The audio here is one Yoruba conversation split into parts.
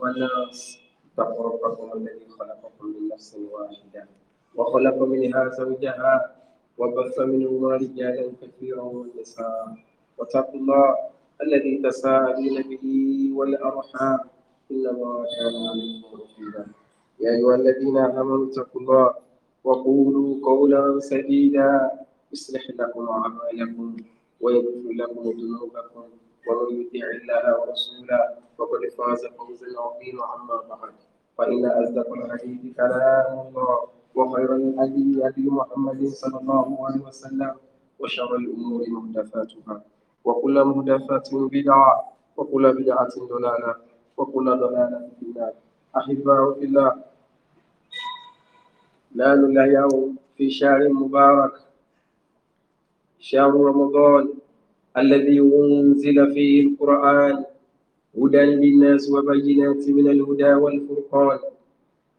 والناس اتقوا ربكم الذي خلقكم من نفس واحدة وخلق منها زوجها وبث منهما رجالا كثيرا ونساء واتقوا الله الذي تساءلون به والأرحام إن الله كان عليكم رقيبا يا أيها الذين آمنوا اتقوا الله وقولوا قولا سديدا يصلح لكم أعمالكم ويغفر لكم ذنوبكم ومن يطع الله ورسوله وكل فاز فوز العظيم عما بعد فإن أصدق الحديث كلام الله وخير الهدي هدي محمد صلى الله عليه وسلم وشر الأمور مهدفاتها وكل مهدفات بدعة وكل بدعة ضلالة وكل ضلالة في النار أحباء في الله نحن اليوم في شهر مبارك شهر رمضان الذي أنزل فيه القرآن هدى للناس وبينات من الهدى والفرقان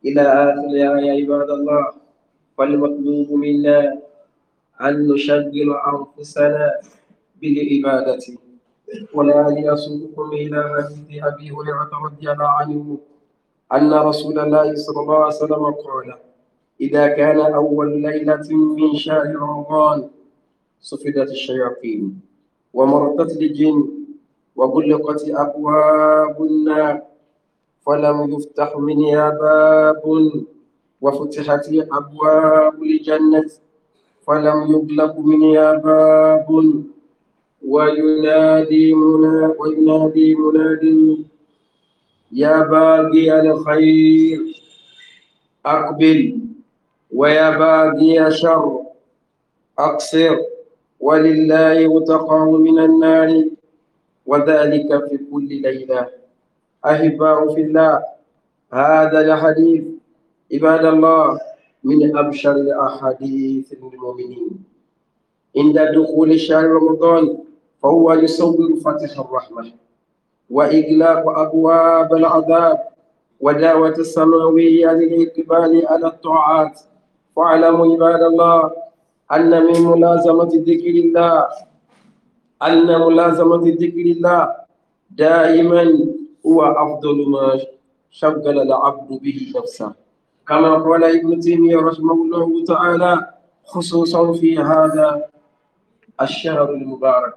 إلى آخر الآية عباد الله فالمطلوب منا أن نشغل أنفسنا بالعبادة ولا يسوقكم إلى حديث أبي هريرة رضي الله عنه أن رسول الله صلى الله عليه وسلم قال إذا كان أول ليلة من شهر رمضان صفدت الشياطين ومرتت الجن وغلقت أبواب النار فلم يفتح منها باب وفتحت أبواب الجنة فلم يغلق منها باب وينادي منا وينادي مناد يا باقي الخير أقبل ويا باقي الشر أقصر ولله وتقع من النار وذلك في كل ليلة أحباء في الله هذا الحديث عباد الله من أبشر الأحاديث للمؤمنين عند دخول شهر رمضان فهو يصور فتح الرحمة وإغلاق أبواب العذاب ودعوة السماوية للإقبال على الطاعات واعلموا عباد الله أن من ملازمة ذكر الله أن ملازمة ذكر الله دائما هو أفضل ما شغل العبد به نفسه كما قال ابن تيمية رحمه الله تعالى خصوصا في هذا الشهر المبارك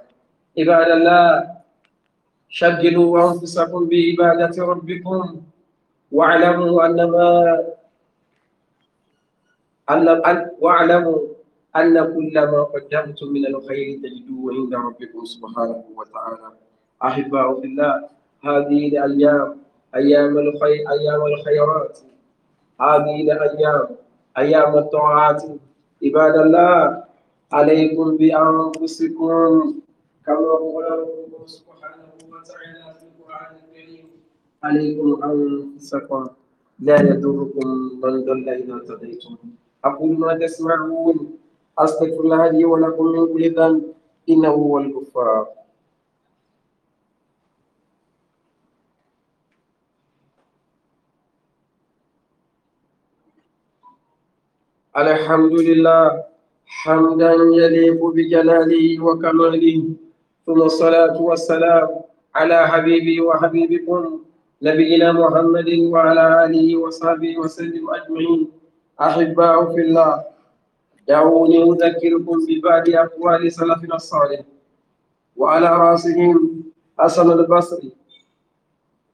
عباد الله شغلوا أنفسكم بعبادة ربكم واعلموا أن ما أن واعلموا أن كل ما قدمتم من الخير تجدوه عند ربكم سبحانه وتعالى أحباء في الله هذه الأيام أيام الخير أيام الخيرات هذه الأيام أيام الطاعات عباد الله عليكم بأنفسكم كما قال ربكم سبحانه وتعالى في القرآن الكريم عليكم أنفسكم لا يضركم من ضل إذا اهتديتم أقول ما تسمعون أستغفر الله لي ولكم من كل ذنب إنه هو الغفار الحمد لله حمدا يليق بجلاله وكماله ثم الصلاة والسلام على حبيبي وحبيبكم نبينا محمد وعلى آله وصحبه وسلم أجمعين أحباء في الله دعوني أذكركم ببعض أقوال سلفنا الصالح وعلى رأسهم حسن البصري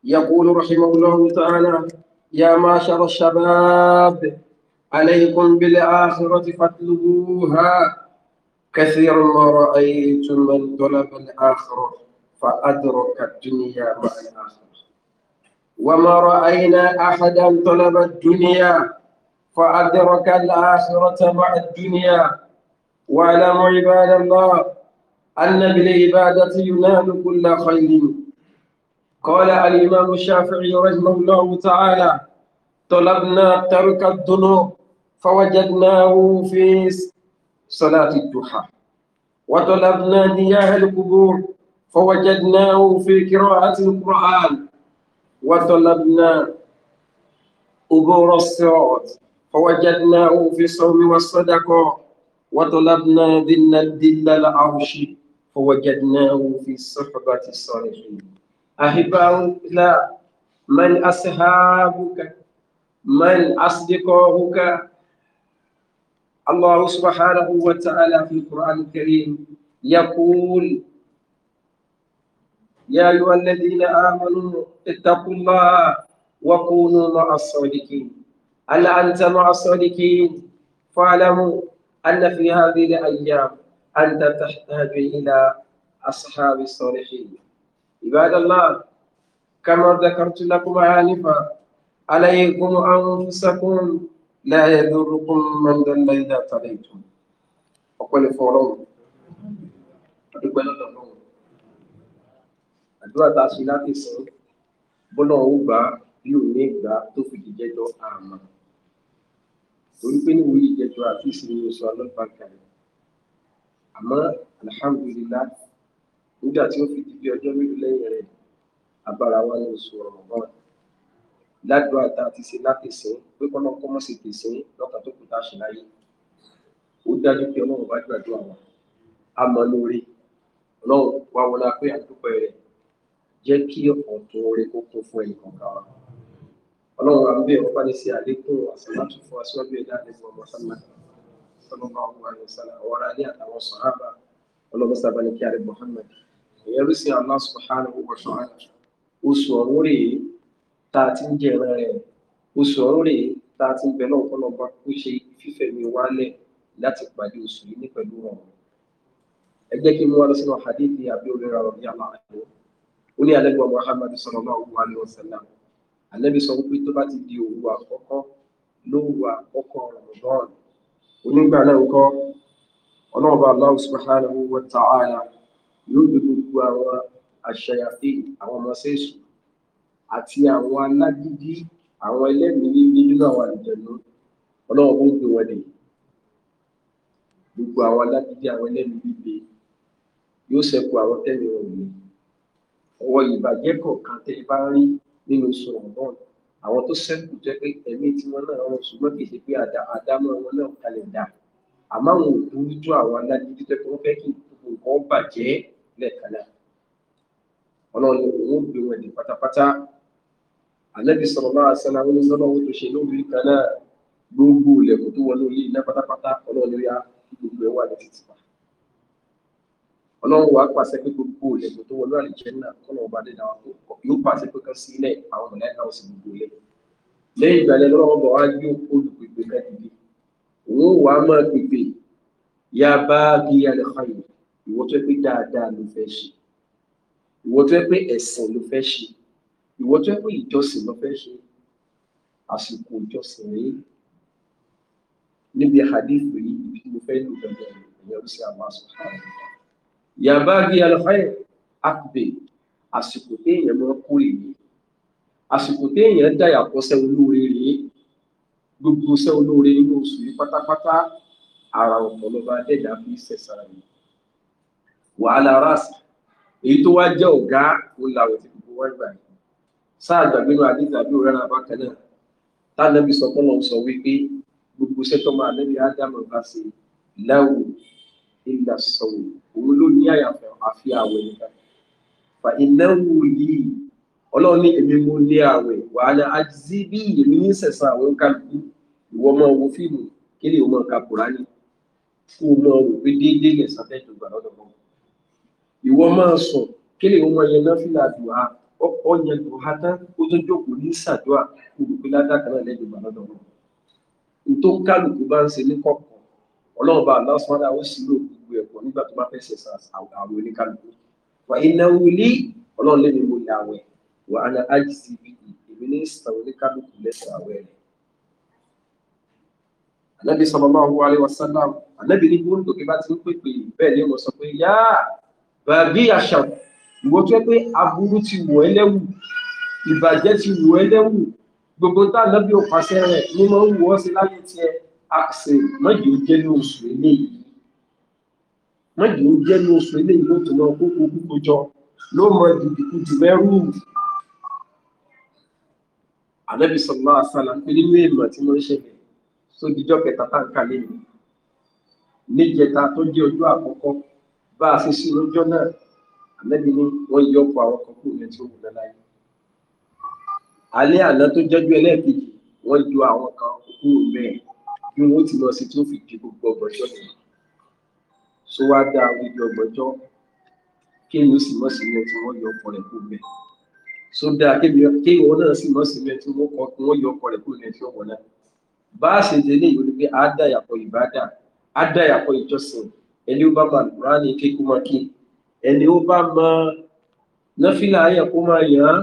يقول رحمه الله تعالى يا معشر الشباب عليكم بالآخرة فاتلوها كثيرا ما رأيتم من طلب الآخرة فأدرك الدنيا مع الآخرة وما رأينا أحدا طلب الدنيا فأدرك الآخرة مع الدنيا واعلموا عباد الله أن بالعبادة ينال كل خير قال الإمام الشافعي رحمه الله تعالى طلبنا ترك الذنوب فوجدناه في صلاة الضحى وطلبنا نياه القبور فوجدناه في قراءة القرآن وطلبنا أبور الصراط فوجدناه في الصوم والصدقة وطلبنا ذن الدل العرش فوجدناه في صحبة الصالحين أحباء لا من أصحابك من أصدقائك الله سبحانه وتعالى في القرآن الكريم يقول يا أيها الذين آمنوا اتقوا الله وكونوا مع الصادقين هل أنت مع الصادقين فاعلموا أن في هذه الأيام أنت تحتاج إلى أصحاب الصالحين عباد الله كما ذكرت لكم آنفا عليكم أنفسكم لا يضركم من ضل إذا تليتم وقل فورون أدوبة لله àdúrà tá a ṣe láti sìn bọ́lá òun gbà bí òun ní ìgbà tó fi jíjẹ́jọ́ àmọ́. torí pé níwòye ìjẹjọ àti ìṣòro ní sọ alọ́gbàgbà rẹ̀ àmọ́ alihamudulilá nígbà tí ó fi di bí ọjọ́ mélòó lẹ́yìn rẹ̀ agbára wa ní oṣù ọ̀rọ̀mọ́ ládùúgbò àti àti ṣe látẹ̀sín pé kọ́nà kọ́mọ́ ṣe tẹ̀sín lọ́kàn tó kù tá a ṣe láyé ó dájú pé ọlọ́run bá gbàdúrà wa a mọ lórí ọlọ́run wá wọlá pé àdúpẹ́ rẹ̀ jẹ́ kí ọ̀tún orí kó fún ẹnì kọ̀ọ̀kan wa ọlọ́run wa ń bẹ̀ ọ́ bani ṣe àlékún àsàlátù fún aṣọ́bí ẹ̀dá àdébọ̀ Muhammad sọlọ́mọ àwọn àwọn ìṣàlá ọ̀rọ̀ alẹ́ àtàwọn sọ̀hábà ọlọ́run sábà ní kí àdébọ̀ Muhammad ìyẹn ló sin Allah subhanahu wa oṣù ọ̀run rèé tá a ti ń jẹ ẹran rẹ̀ oṣù ọ̀run rèé tá a ti ń bẹ náà kọ́nọ̀bá kó ṣe fífẹ̀ mi wálẹ̀ láti pàdé oṣù yìí ní pẹ̀lú wọn ẹ jẹ́ kí n mú wa lọ sínú hadithi àbí olórí ọ̀rọ̀ bí aláàbò ó ní alẹ́ gbọ́ Muhammad sallallahu alaihi wasallam àlẹ́bí sọ wípé tó bá ti di òru àkọ́kọ́ lóru àkọ́kọ́ rọ̀mọ̀dọ́ọ̀nù onígbà náà kọ́ ọlọ́ọ̀bá Allah subhanahu wa ta'ala yóò gbé gbogbo àwọn àṣàyàfi àwọn ọmọ sẹ́sù àti àwọn alágídí àwọn ẹlẹ́mìí níbi nínú àwọn àlùjẹ̀nu ọlọ́ọ̀bá ó gbé wọn dè gbogbo àwọn alágídí àwọn ẹlẹ́mìí níbi yóò ṣẹ́kù àwọn tẹ́lẹ̀ wọn ní ọwọ́ ìbàjẹ́ kọ̀ọ̀kan tẹ́ bá rí nínú oṣù rọ̀bọ̀n àwọn tó sẹ́kù jẹ́ pé ẹ̀mí tiwọn náà wọn ṣùgbọ́n kì í ṣe pé àdámọ́ wọn náà kalẹ̀ dà àmọ́ àwọn ò burú ju àwọn alágídí tó kọ́ fẹ́ kí nǹkan bàjẹ́ lẹ́ẹ̀kan náà ọlọ́run ni òun gbé wọn ní pátápátá ànábì sọ̀rọ̀ máa sẹ́nà wọn ní sọ́nà owó tó ṣe lórí kan náà gbogbo ilẹ̀kùn tó wọlé ilé iná pátápátá ọlọ́run ni ó yá gbogbo ẹ̀ wà ní títì pa ọlọ́run wa pàṣẹ pé gbogbo ìlẹ̀kùn tó wọlé àlìjẹ́ náà kọ́nà ọba dé náà yóò pàṣẹ pé kan sílẹ̀ àwọn mọ̀lẹ́ka ọ̀sìn gbogbo ilẹ̀ lẹ́yìn ìgbà yẹn lọ́wọ́ bọ̀ wá yóò olùpèpè kan dìde òun wà á máa pèpè yá bá bí alẹ́kọ̀ọ́yè ìwọ tó yẹ pé dáadáa ló fẹ́ ṣe ìwọ tó yẹ pé ẹ̀sìn ló fẹ́ ṣe ìwọ tó yẹ pé ìjọsìn ló fẹ́ ṣe àsìkò ìjọsìn rèé níbi yabagi alhaye akbe àsìkò téèyàn máa kó èyí àsìkò téèyàn dáyà kọsẹ̀ olóore rèé gbogbo sẹ olóore nínú oṣù yìí pátápátá ara ọpọlọba dẹdà fi ṣẹṣara yìí wàhálà rásì èyí tó wá jẹ ọgá olàwẹ tí gbogbo wá gbà yìí sáà gbàgbé náà àdé tàbí òrẹ́ra bákan náà tánàbí sọ fọlọ sọ wípé gbogbo sẹtọmọ ànẹbí ádámù bá ṣe láwùjọ ìgbà sọ̀wọ́ òun ló ní àyàfẹ́ àfi àwẹ̀ nìkan fa ìnáwó yìí ọlọ́run ní èmi mo lé àwẹ̀ wàhálà àjíṣí bí èmi ní sẹ̀sán àwẹ̀ ń ìwọ máa wo fíìmù kí ni ìwọ máa ka kùránì kó o máa wò pé déédéé lè san fẹ́ẹ́ tó gbà lọ́dọ̀ wọn ìwọ máa sùn kí ni ìwọ máa yẹn náà fìlà dùn á ọkọ yẹn dùn á tán kó tó jókòó ní sàdúà kó o pé ládàkà náà lẹ́jọ́ gbà lọ́dọ̀ wọn n tó bá ń ṣe ní kọ̀ọ̀kan ọlọ́run bá aláṣọ papọ̀ nígbà tó bá fẹ́ ṣe àwẹ̀ oníkálukú wà iná wuli ọlọ́run lè ní mo yà àwẹ̀ wà á na igcb èmi ní sàn oníkálukú lẹ́sẹ̀ àwẹ̀ rẹ̀. ànábì sallallahu alaihi wasallam ànábì ní gbóńdò kí bá ti ń pèpè bẹ́ẹ̀ ni mo sọ pé yá bàbí àṣà ìwọ tó yẹ pé aburú ti wọ̀ ẹ́ lẹ́wù ìbàjẹ́ ti wọ̀ ẹ́ lẹ́wù gbogbo tá ànábì ò pàṣẹ rẹ̀ ni mo ń wọ̀ sí láyé tiẹ̀ àṣẹ mọ́jọ́ jẹ́ ní oṣù eléyìí mọ́jì ń jẹ́ ní oṣù ilé ìlú tó lọ kókó kókó jọ ló mọ dìbìkú di mẹ́rù ànábì sọ̀rọ̀ àṣàlà pé nínú èèmọ̀ tí wọ́n ń ṣẹlẹ̀ sódìjọ́ kẹta tá ń kà lẹ́yìn níjẹta tó jẹ́ ọjọ́ àkọ́kọ́ bá a fi sí lọ́jọ́ náà ànábì ni wọ́n yọ ọkọ̀ àwọn kan kúrò lẹ́tí òun náà láyé alẹ́ àná tó jẹ́jú ẹlẹ́ẹ̀kejì wọ́n ju àwọn kan kúrò bẹ́ẹ̀ bí wọ́n ti lọ sí tó fi di gbogbo ọgbọ̀n ṣọ́ọ̀tì tó wá dá odidi ọgbọ̀njọ́ kéèyàn ó sì mọ̀ sílẹ̀ tí wọ́n yọ ọkọ rẹ̀ kó bẹ̀ tó dáa kéèyàn náà sì mọ̀ sílẹ̀ tí wọ́n kọ kí wọ́n yọ ọkọ rẹ̀ kó lẹ̀ fi ọ̀wọ̀ náà bá a ṣe dé ìwé ni pé a dá yàpọ̀ ìbádà a dá yàpọ̀ ìjọsìn ẹni ó bá ma kúránì kékun máa kí ẹni ó bá mọ nọ́fìlà ayẹ̀ kó máa yàn án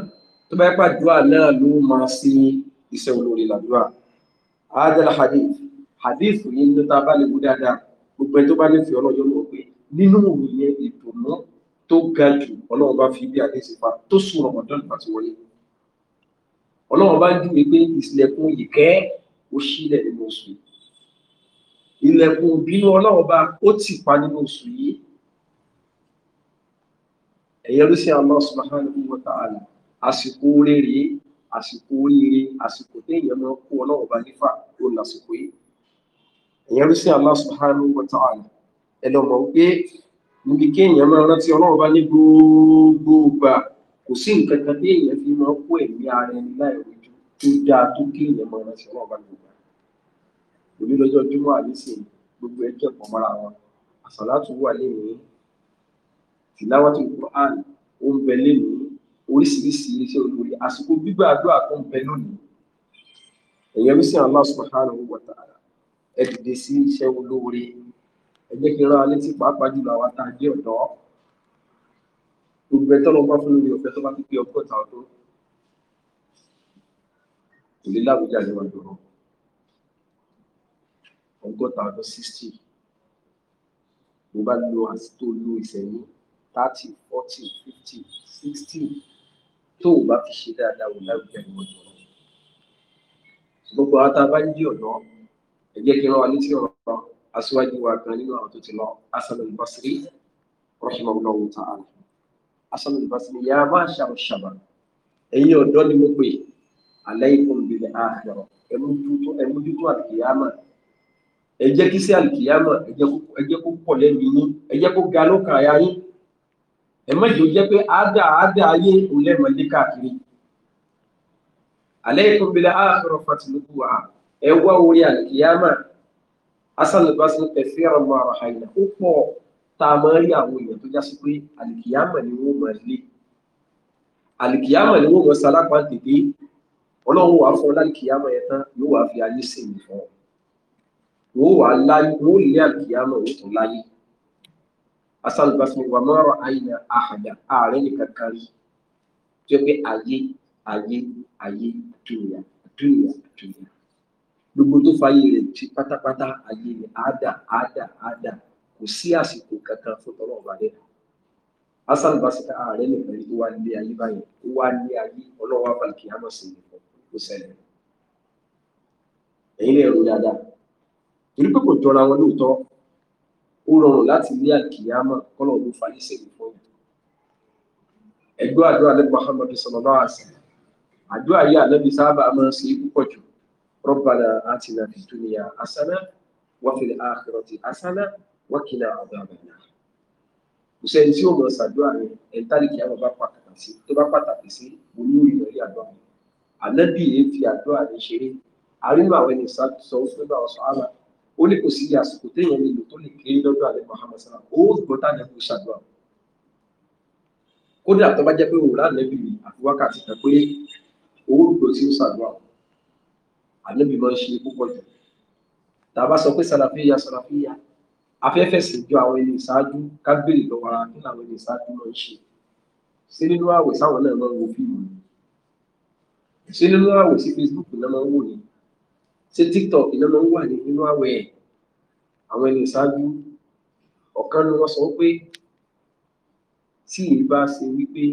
tó bá yẹ pàdúrà náà ló máa sí iṣẹ́ olórí làdúrà á dára hadith hadith yìí ló ta bá lè mú dáadáa gbogbo ẹni tó bá lè fi ọlọ́jọ́ nínú ìyẹn ìdùnnú tó ga jù ọlọ́run bá fi bí àdéṣepa tó sùn rọmọdán nígbà tí wọlé ọlọ́run bá júwe pé ìsìlẹ̀kùn ìkẹ́ ó ṣílẹ̀ nínú oṣù yìí ilẹ̀kùn ìbínú ọlọ́run bá ó tì pa nínú oṣù yìí ẹ̀yẹ ló ṣe Allah subhanahu wa ta'ala àsìkò rere àsìkò oríire àsìkò téèyàn máa kó ọlọ́run bá nífà ó lásìkò yìí ẹ̀yẹ ló ṣe Allah subhanahu wa ta'ala ẹ lọ mọ̀ wípé níbi kí èèyàn máa rántí ọlọ́run bá ní gbogbo ìgbà kò sí nǹkan kan tí èèyàn fi máa kó ẹ̀mí ara ẹni láì rojú tó dáa tó kí èèyàn máa rántí ọlọ́run bá gbogbo òní lọ́jọ́ júmọ́ àlísìn gbogbo ẹjọ́ pọ̀ mọ́ra wọn àsàlátù wà lẹ́nu tìláwàtì Qur'an ó ń bẹ lẹ́nu oríṣiríṣi iṣẹ́ olórí àsìkò gbígbà àdúrà tó ń bẹ lónìí ẹ̀yẹ́ bí sìn Allah subhanahu wa ta'ala ẹ̀ dìde sí iṣẹ́ olóore ẹ jẹ́ kí n rán alé tí pàápàá jùlọ àwa tá a jẹ́ ọ̀dọ́ gbogbo ẹ tọ́lọ́ bá fún mi ọ̀fẹ́ tó bá ti pé ọgọ́ta ọdún kò lè láwùjá níwájú ọ̀rọ̀ ọgọ́ta ọdún sixty mo bá lo àsìkò lo ìṣẹ̀yìn thirty forty fifty sixty tó o bá fi ṣe dáadáa wò láwùjá níwájú ọ̀rọ̀ gbogbo àwọn tá a bá ń jí ọ̀dọ́ ẹ jẹ́ kí n rán létí ọ̀rọ̀ aṣíwájú wa gan nínú àwọn tó ti lọ Hasan al-Basri rahimahullahu ta'ala Hasan al-Basri ya ma'shar ash-shabab ẹ̀yin ọ̀dọ́ ni mo pè alaykum bil akhirah ẹmójútó ẹmójútó àlùkìyàmà ẹ jẹ́ kí sí àlùkìyàmà ẹ jẹ́ kó pọ̀ lẹ́mìí yín ẹ jẹ́ kó ga lókàn ara yín ẹ má jẹ́ ó jẹ́ pé àádá àádá ayé òun lẹ́mọ̀ dé káàkiri alaykum bil akhirah fatilukuha ẹ wá orí àlùkìyàmà asálùbásílù kẹfìràn máa rà àyà ó pọ̀ tá a máa rí àwọn èèyàn tó já sí pé àlìkìyàmọ̀ ni wọ́n máa lé àlìkìyàmọ̀ ni wọ́n máa salápá tètè ọlọ́run wàá fún ọ lálìkìyàmọ̀ yẹn tán yóò wàá fi ayé sí mi fún ọ wọ́n wàá láyé wọ́n lé àlìkìyàmọ̀ yóò tún láyé asálùbásílù wà máa rà àyà àhàdà ààrẹ nìkan kan rí tó pé ayé ayé ayé dúnìyà dúnìyà dúnìyà gbogbo tó fa ayé rẹ̀ ti pátápátá ayé rẹ̀ ada, ada. àádà kò sí àsìkò kankan fún tọ́lọ́ ọba rẹ̀ hasan basika ààrẹ lè pẹ̀lú tó wà nílé ayé báyìí ó wà nílé ayé ọlọ́wọ́ abalùkì àmọ́ sí ni kò ṣẹlẹ̀ ẹ̀yin lè rò dáadáa torí pé kò jọra wọn lóòótọ́ ó rọrùn láti ní àkìyàmọ̀ kọ́nà ló fayé sẹ́yìn fún yìí ẹgbẹ́ àdúrà lẹ́gbẹ̀ẹ́ Muhammad sallallahu alaihi wasallam àdúrà yìí àlẹ́bí sábà máa ń ṣe púpọ̀ jù ربنا آتنا في الدنيا حسنة وفي الآخرة حسنة وكنا عذاب النار kò sẹ́ni tí ó mọ̀ ṣàdúrà rẹ̀ ẹ̀ńtálíkì àwọn bá pàtàkì sí tó bá pàtàkì sí olórí ìrọ̀lẹ́ àdúrà rẹ̀ ànábì yìí fi àdúrà rẹ̀ ṣeré àrínú àwọn ẹni sọ fún bá ọ̀sán àlà ó ní kò sí iye àsìkò téèyàn lè tó lè kéré lọ́dọ̀ àlẹ́ Muhammad sara ó gbọ́tà ní kò ṣàdúrà kódà tó bá jẹ́ pé òun láàlẹ́bì àti wákàtí kan pé ó gbọ́ ànábì lọ ṣe púpọ̀ jù tá a bá sọ pé sàlàfíà sàlàfíà afẹ́fẹ́ sì jọ àwọn ẹni ìṣáájú ká gbèrè lọ́wọ́ ara kí làwọn ẹni ìṣáájú lọ ṣe ṣé nínú àwẹ̀ sáwọn náà lọ́ọ́ wo fíìmù ni ṣé nínú àwẹ̀ sí Facebook náà máa ń wò ni ṣé TikTok náà máa ń wà ní nínú àwẹ̀ àwọn ẹni ìṣáájú ọ̀kan ni wọ́n sọ pé tí èyí bá ṣe wípé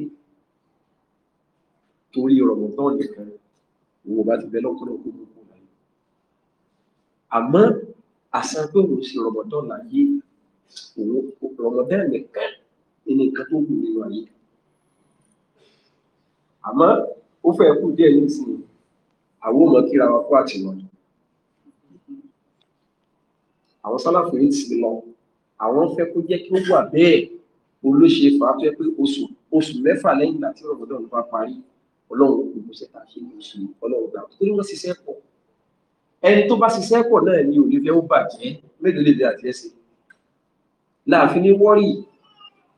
torí Ramadan nìkan òun ò bá ti bẹ lọ́kùnrin kó gbogbo àmọ́ àsan pé òun ṣe rọmọdán láyé òun rọmọdán nìkan ní nǹkan tó kù nínú ayé àmọ́ ó fẹ́ kú díẹ̀ nísìnyí àwọn ọmọ kíra wa kó àtìlọ́dún àwọn sálàfù yìí ti lọ àwọn fẹ́ kó jẹ́ kí ó wà bẹ́ẹ̀ olóṣè fàáfẹ pé oṣù oṣù mẹ́fà lẹ́yìn ìgbà tí rọmọdán parí Ọlọ́run kò gbèsè tàbí oṣù Ọlọ́run gbà tó ní wọn ṣiṣẹ́ pọ̀. ẹni tó bá ṣiṣẹ́ pọ̀ náà ni òní fẹ́ ó bàjẹ́ mélòó lè dé láàfin ní wọ́rì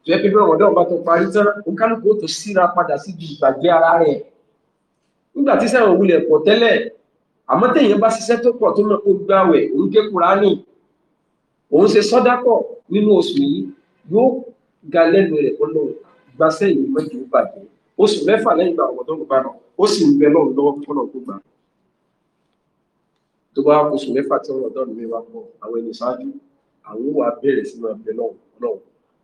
tó yẹ pé bí ọ̀rọ̀ tó parí tán tó síra padà síbi ìgbàgbé ara rẹ̀ nígbà tí ga lẹ́nu rẹ̀ lọ́wọ́ gbaṣẹ́ bàjẹ́ oṣù mẹ́fà lẹ́yìn ìgbà ó sì ń bẹ tó bá oṣù mẹ́fà tí ọmọ dọ́ọ̀nù mi wá pọ̀ àwọn ẹni ṣáájú àwọn wà bẹ̀rẹ̀ sínú abẹ náà náà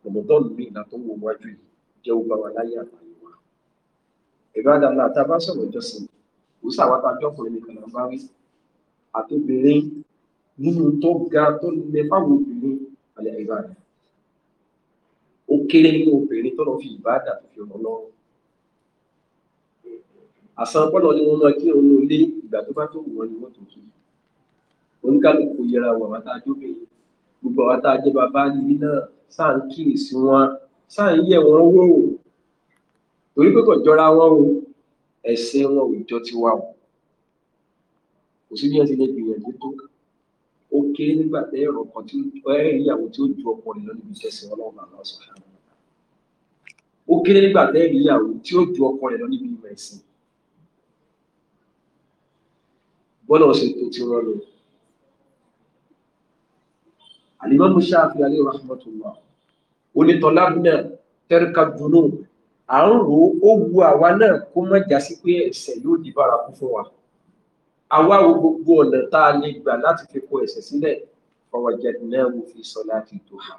ọmọ dọ́ọ̀nù mi ìlà tó wọ wájú yìí jẹ́ ó bá wa láyé àgbáyé wa. ìbáda ńlá tá a bá sọ̀rọ̀ ìjọsìn kò sàwátà ọjọ́kùnrin nìkan là ń bá rí àtòbìnrin nínú tó ga tó lẹ fáwọn obìnrin àlẹ́ ìbáda ó kéré nínú obìnrin tó lọ fi ìbáda tó fi ọ̀nà lọ́wọ́ àsan pọ́nà ni wọ́n máa kí òun lé ìgbà tó bá tó wù wọ́n ni wọ́n tó kí oníkálukú yẹra wà wátá jóbìnrin gbogbo àwọn tá a jẹ bàbá yìí náà sáà ń kíyèsí wọn sáà ń yẹ wọn wò ó torí pé kò jọra wọn o ẹsẹ̀ wọn ò jọ tiwa o kò sí bí wọn ti lè gbìyànjú tó ó kéré nígbà tẹ ẹ̀rọ kan tí ẹ ìyàwó tí ó ju ọkọ rẹ̀ lọ níbi tẹsán Ọlọ́run bàbá sọ ó kéré nígbà tẹ ìyàwó tí ó ju ọkọ rẹ̀ lọ níbi ìmọ̀ ẹ̀sìn bọ́lá ọ̀sẹ̀ tó ti rán alimami ṣáfi alẹ́ rahmatullah onítọ̀lá náà tẹ́ríkà dunu à ń rò ó wu àwa náà kó má jásí pé ẹ̀ṣẹ̀ yóò di bárakú fún wa àwa wo gbogbo ọ̀nà tá a lè gbà láti fi kó ẹ̀ṣẹ̀ sílẹ̀ fawajadnahu fi salati duha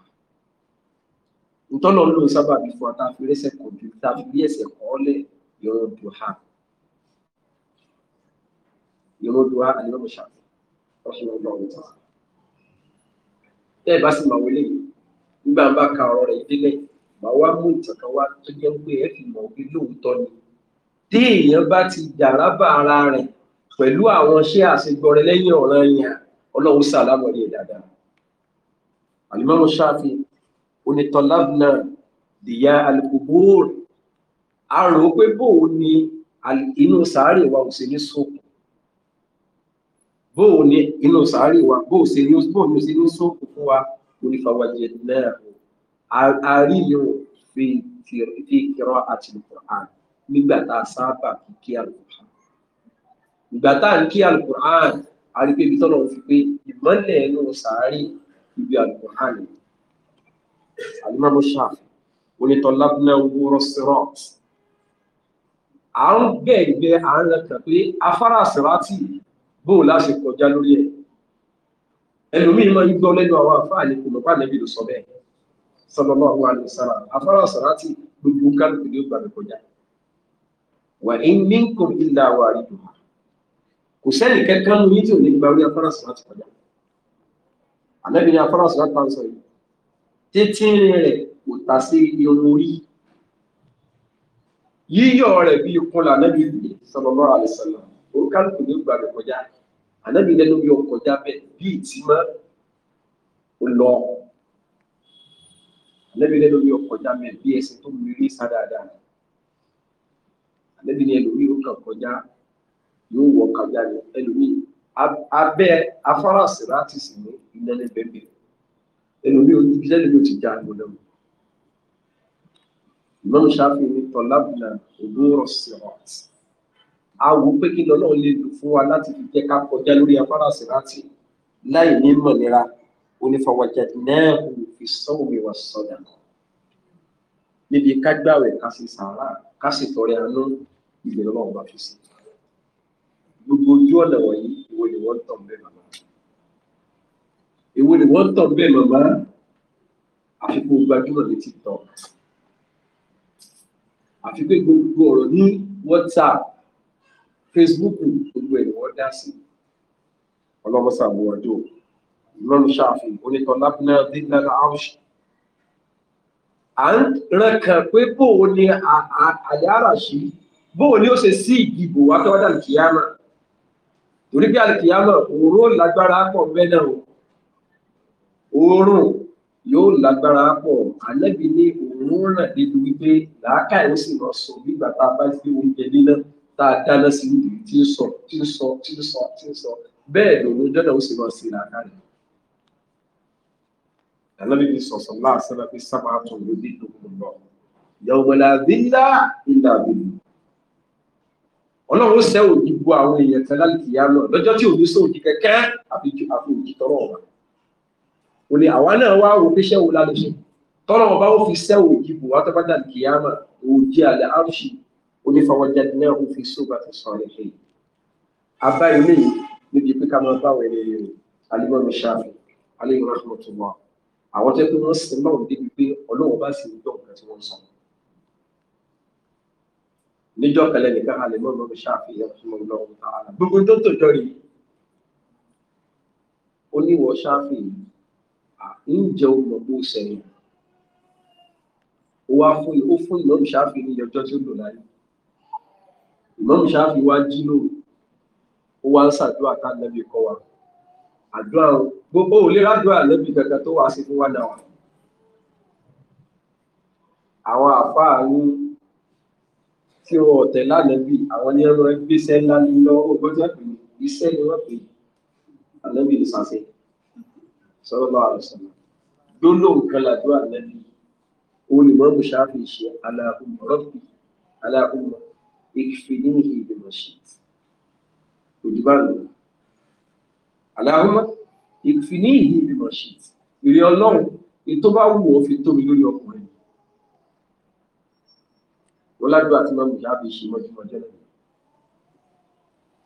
ntọ́nà ló ń sábà bí fún wa tá a fi rẹ́sẹ̀ kọ̀ ju tá a fi rí ẹ̀sẹ̀ kọ́ lẹ̀ yọrọ duha yọrọ duha alimami ṣáfi rahmatullah tẹ́ ẹ bá sì mọ̀ wọlé yìí nígbà bá ka ọ̀rọ̀ rẹ̀ délẹ̀ màá wá mú ìtàkàn wá tó jẹ́ pé ẹ fi mọ̀ wí lóòótọ́ ni tí èèyàn bá ti dàrábà ara rẹ̀ pẹ̀lú àwọn iṣẹ́ àṣegbọrẹ lẹ́yìn ọ̀ràn yẹn ọlọ́run sàlámọ̀ ní ìdàdà alimami ṣáfi onítọ̀lábùnà dìyà alukubur a rò ó pé bóun ni inú sàárè wa ò sí ní sùn bóò ni inú sàárì wa bóò ṣe ní bóò ni ṣe ní sóòkù fún wa onífàwájẹ náà àárí yóò fi fi kírọ àti Al-Qur'an nígbà tá a sábà kí kí Al-Qur'an ìgbà tá à ń kí Al-Qur'an tọ́lọ̀ fi pé ìmọ́lẹ̀ inú sàárì ibi Al-Qur'an alimami ṣáfì onítọ̀lábùnà wúrọ̀ sirọ́t à ń gbẹ̀gbẹ̀ à ń lọ kàn afárá sirọ́tì yìí bóun láṣẹ kọjá lórí ẹ̀ ẹlòmíì máa ń gbọ́ lẹ́nu àwọn àfáà ní kùmọ̀ pàdé bí ló sọ bẹ́ẹ̀ sọlọ́lọ́ àwọn àlùsára afárá sọ̀rọ̀ àti gbogbo kálukú ní ìgbà mi kọjá wà ní minkum illa wariduha kò sẹ́ni kankan ní yìí tí ò ní gba orí afárá sọ̀rọ̀ àti kọjá àlẹ́bí ni afárá sọ̀rọ̀ àti kọjá yìí títí rẹ̀ kò ta sí irun orí yíyọ̀ rẹ̀ bí ikun làlẹ́bí sọlọ́lọ́ àlùsára orúkálùkù ní gbàgbé kọjá ànábì lẹnu bí ọkọjá bẹ́ẹ̀ bí ìtì mọ ó lọ ànábì lẹnu bí ọkọjá bẹ́ẹ̀ bí ẹsẹ̀ tó mírí sá dáadáa ànábì ní ẹlòmíì ó kàn kọjá yóò wọ kọjá ní ẹlòmíì abẹ́ afárá sèrátì sì ní iná ní bẹ́ẹ̀ bẹ́ẹ̀ ẹlòmíì ó ti bí ẹlòmíì ó ti já àgbọ̀dọ̀ mọ́. Imam Shafi ni tọ́lábùnà ògbóró sèrátì a wò ó pé kí lọ́lọ́run lè lò fún wa láti fi jẹ́ ká kọjá lórí afárá sìráàtì láì ní mọ̀nira onífọwọ́jà náà kò fi sọ́wọ́ mi wá sọ́dà níbi ká gbàwẹ̀ ká sì sàárà ká sì tọrẹ àánú ìgbẹ́ lọ́wọ́ bá fi sí gbogbo ojú ọ̀nà wọ̀nyí ìwọ ni wọ́n tàn bẹ́ẹ̀ màmá ìwọ ni wọ́n tàn bẹ́ẹ̀ màmá àfikún gbajúmọ̀ ní TikTok àfikún gbogbo ọ̀rọ̀ ní WhatsApp Facebook gbogbo ẹ̀ ni wọ́n dá sí ọlọ́mọsà àbúwájú lọ́nù ṣáàfù onítọ̀lá náà dídá àwùṣì. à ń ràn kàn pé bóun ni àyàrá ṣí bóun ni ó ṣe sí ìdìbò wa tó wá dàlù kìyàmà torí bí àlùkìyàmà òórùn lágbára pọ̀ bẹ́ẹ̀ náà òórùn yóò lágbára pọ̀ àlẹ́bí ní òórùn ràn débi wípé làákàyè ó sì lọ sùn nígbà tá a bá gbé oúnjẹ níná tá a dáná sí níbi tí ń sọ tí ń sọ tí ń sọ tí ń sọ bẹ́ẹ̀ lòun jọ́dọ̀ ó sì máa ṣe ìlànà rẹ̀. Ànábì fi sọ̀sọ̀ láàṣẹ láti sábà tó lórí ìdókòwò lọ. Yawmala dhilla illa dhillu. Ọlọ́run ó sẹ́ òjì bu àwọn èèyàn kan láti kìyà lọ lọ́jọ́ tí òjì sóòjì kẹ̀kẹ́ àfi òjì tọrọ ọ̀wà. Ó ní àwa náà wá wo pé sẹ́wò lálẹ́ ṣe. Tọ́lọ́wọ́n ó fi sẹ́wò òjì bù wá kìyà mà òjì àlẹ́ àrùsì onífọwọ́jáde fi sóbà ti sọ ẹ̀hìn abá ilé yìí níbi pé ká máa bá àwọn ẹni rìn alímọ̀mí ṣáfi aléyìn rọ́ṣùmọ̀ tó wà àwọn tó pé wọ́n sin náà débi pé ọlọ́wọ́ bá sì ń dọ̀ nǹkan tí wọ́n sọ níjọ́ kẹlẹ́ nìkan alímọ̀mí ṣáfi ẹ̀fúnmọ̀ lọ́wọ́ tààlà gbogbo tó tó jọ rí ó ní wọ́n ṣáfi ń jẹ́ ọmọ bó sẹ́yìn ó wá fún ìnáwó ṣáfi ní ọjọ́ tó lò láyé ìmọ̀mù ṣáfi wá jí lóru ó wá ń ṣàdúrà ká lẹ́bi kọ́ wa àdúrà gbogbo ò lè rádúrà lẹ́bi kankan tó wá sí fún wa dà wá. àwọn àfáà ní tí wọn ọ̀tẹ̀ lálẹ́bí àwọn ní ẹran gbéṣẹ́ ńlá ní lọ́wọ́ gbọ́dọ̀ pé iṣẹ́ ni wọ́n pè àlẹ́bí ní sase sọ́rọ́ bá wà sọ́nà gbólóhùn kan làdúrà lẹ́bi òun ni ṣe aláhùn rọ́bì اكفنيه بما شئت òdìbàlù àdáhùnmá ìfìníhì bímọ ṣì ìrẹ Ọlọ́run ètò bá wù ọ fi tóbi lórí ọkùnrin wọládùn àti mọmú yàbí ṣe mọjúmọjọ náà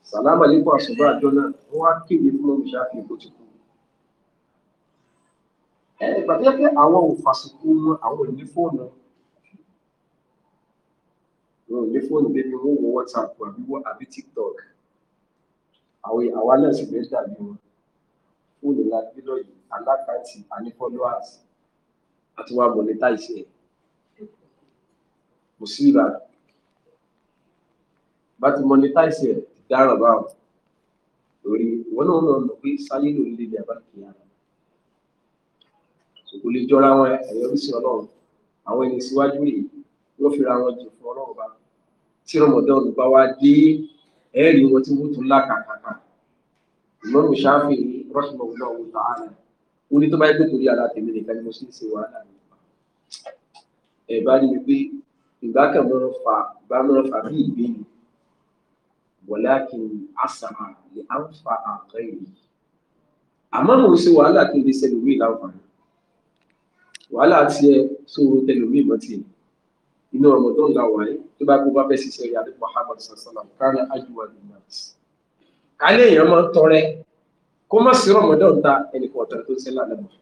sàlámà lẹkọọ àṣọbá àjọ náà wọn wá kéde fún mọmú ṣáfi èkó ti kú ẹ ìgbà tó yẹ pé àwọn ò fàṣìkò wọn àwọn ò fóònù wọn ò ní fóònù débi wọn wọ whatsapp àbí wọ àbí tiktok àwọn àwa náà sì fẹ́ dàbí wọn fóònù la gbé lọ́yìn alákàtì àní followers àti wàá monetize ẹ̀ kò sí ìrà bá ti monetize ẹ̀ dáràn báwọn lórí wọn náà lọ pé sáyé ló lè lè àbákí ara kò lè jọra wọn ẹyọ bí sí Ọlọ́run àwọn ẹni síwájú yìí wọn fira wọn jù fún Ọlọ́run bá tí Ramadan bá wá dé ẹ̀rí wọn tí wọ́n tún lákàkàkà ìmọ̀nù ṣáfì ní rọ́ṣùmọ̀ ọ̀gá ọ̀gá ta'ala ó ní tó bá yẹ pé torí ara tèmi nìkan ni mo sì ń ṣe wàhálà mi ẹ̀ bá rí mi pé ìgbà kan mọ́ fa ìgbà mọ́ fa bí ìgbéyìí wọ̀láàkìn àṣàmà lè á ń ìlú àmọ́ mò ń ṣe wàhálà kí n lè ṣẹlẹ̀ wí láǹfààní wàhálà tiẹ̀ sóoru tẹlẹ̀ mí mọ́ tiẹ̀ inú ọmọdé ńlá tó bá gbogbo abẹ́ ṣiṣẹ́ ìyá àdúgbò Muhammad sallam kárí ajuwa ní nàìjíríà. kálẹ̀ èèyàn máa ń tọrẹ kó má sí rọmọdán ta ẹnì kọ̀ọ̀tàn tó ń ṣe lálẹ́ mọ́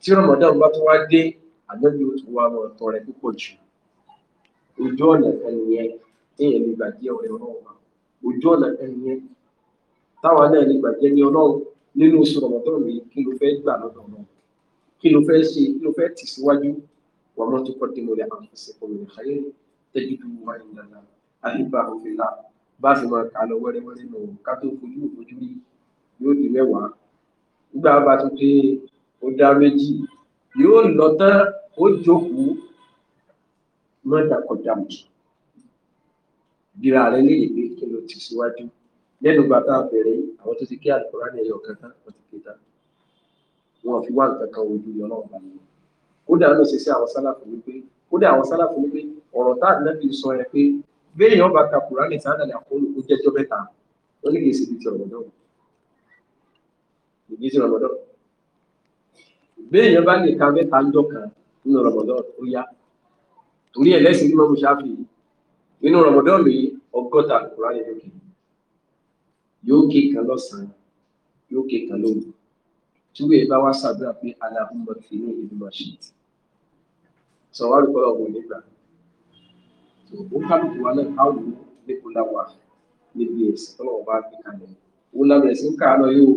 tí rọmọdán bá tó wá dé ànábì ó tún wá máa tọrẹ púpọ̀ jù ojú ọ̀nà kan nìyẹn téèyàn lè gbàgbé ọ̀rẹ́ ọlọ́run ojú ọ̀nà kan nìyẹn táwa náà lè gbàgbé ní ọlọ́run nínú oṣù rọmọdán mi kí ló fẹ́ gbà lọ́dọ̀ ọlọ́run تجدوا عندنا أحبه في الله bá a sì máa kà lọ wẹ́rẹ́wẹ́rẹ́ lọ ká tó fojú òfojú rí yóò di mẹ́wàá nígbà bá tó dé ó dá méjì yóò lọ tán ó jókòó mọ́ta kọjá mọ́ bíra rẹ léyìn pé kí ló ti síwájú lẹ́nu gba tá a bẹ̀rẹ̀ àwọn tó ti kí àlùkòrán ẹ̀yọ̀ kan tán wọ́n ti ké tán wọ́n fi wá nǹkan kan ojú yọ náà balẹ̀ ó dáná ṣe sí àwọn sálàkù wípé kódà àwọn sálàfù ní pé ọ̀rọ̀ tá ànábì sọ yẹn pé béèyàn bá ka kùránì tá ànábì àkọlù kó jẹ́jọ́ mẹ́ta ó ní kìí ṣe ibi ti ọ̀rọ̀dọ̀ ibi ti ọ̀rọ̀dọ̀ béèyàn bá lè ka mẹ́ta ńjọ́ kan nínú ọ̀rọ̀dọ̀ ó yá torí ẹlẹ́sìn ní mọ́mú ṣáfì nínú ọ̀rọ̀dọ̀ mi ọgọ́ta kùránì lókè yóò ké kan lọ́sàn yóò ké kan lóru tí bá wá sàdúrà pé aláhùn fi ní ìlú ṣe tì sọ wá rí pé ọ̀gbìn nígbà ó kálukú wa náà á wò ó nípò láwa níbi ẹ̀sìn tọ́lọ́wọ́ bá fi kalẹ̀ òun làmì ẹ̀sìn ká lọ yóò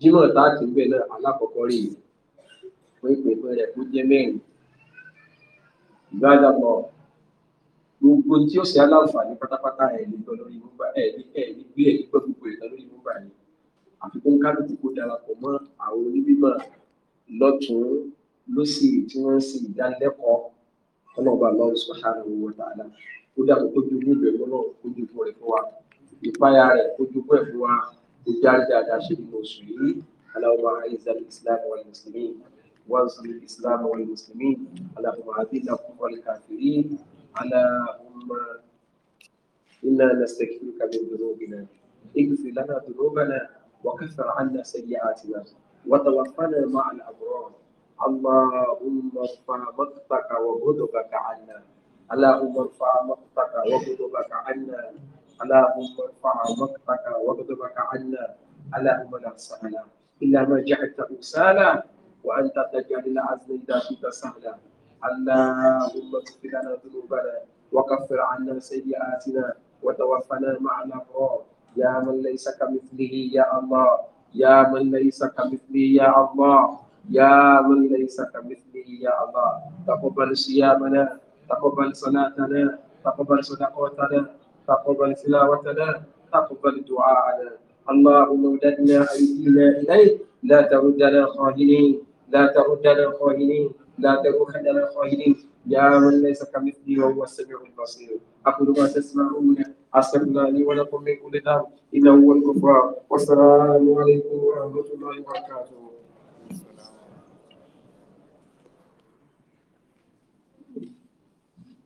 jímọ̀ táàkì ń bẹ̀ náà alákọ̀ọ́kọ́ rí i pé pèpè rẹ̀ kó jẹ́ mẹ́rin ìgbàdàpọ̀ gbogbo tí ó ṣe aláǹfààní pátápátá ẹ̀ ní gbọ́ lórí mú ẹ̀ ní ẹ̀ ní gbé ẹ̀ ní gbogbo ẹ̀ lórí mú báyìí àfikún kálukú kó darapọ̀ mọ́ àwọn onímọ̀ lọ́tún ló sì tí wọ́n ń ṣe ìdánilẹ́kọ̀ọ́ ọlọ́ọ̀bá Allah subhanahu wa ta'ala ó dàbọ̀ kó jogún ìbẹ̀rù náà kó jogún rẹ̀ fún wa ìpáyà rẹ̀ kó jogún ẹ̀ fún wa kó jáde dáadáa ṣe nínú oṣù yìí Allahumma a'izza al-islam wal-muslimin وانصر الاسلام والمسلمين اللهم اعطنا كفر الكافرين اللهم انا نستغفرك من ذنوبنا اغفر لنا ذنوبنا وكفر عنا سيئاتنا وتوفنا مع الابرار اللهم ارفع مقتك وغضبك عنا اللهم ارفع مقتك وغضبك عنا اللهم ارفع مقتك وغضبك عنا اللهم لا سهلا الا ما جعلته سهلا وانت تجعل العزل اذا كنت سهلا اللهم اغفر لنا ذنوبنا وكفر عنا سيئاتنا وتوفنا مع الابرار يا من ليس كمثله يا الله يا من ليس كمثله يا الله Ya Allah Isa Ya Allah Taqabal siyamana Taqabal salatana Taqabal sadaqatana Taqabal silawatana Taqabal du'aana اللهم اوددنا ايدينا اليك لا تردنا خاهنين لا تردنا خاهنين لا تردنا خاهنين يا من ليس كمثلي وهو السميع البصير اقول ما تسمعون استغفر لي ولكم من كل ذنب انه هو الغفار والسلام عليكم ورحمه الله وبركاته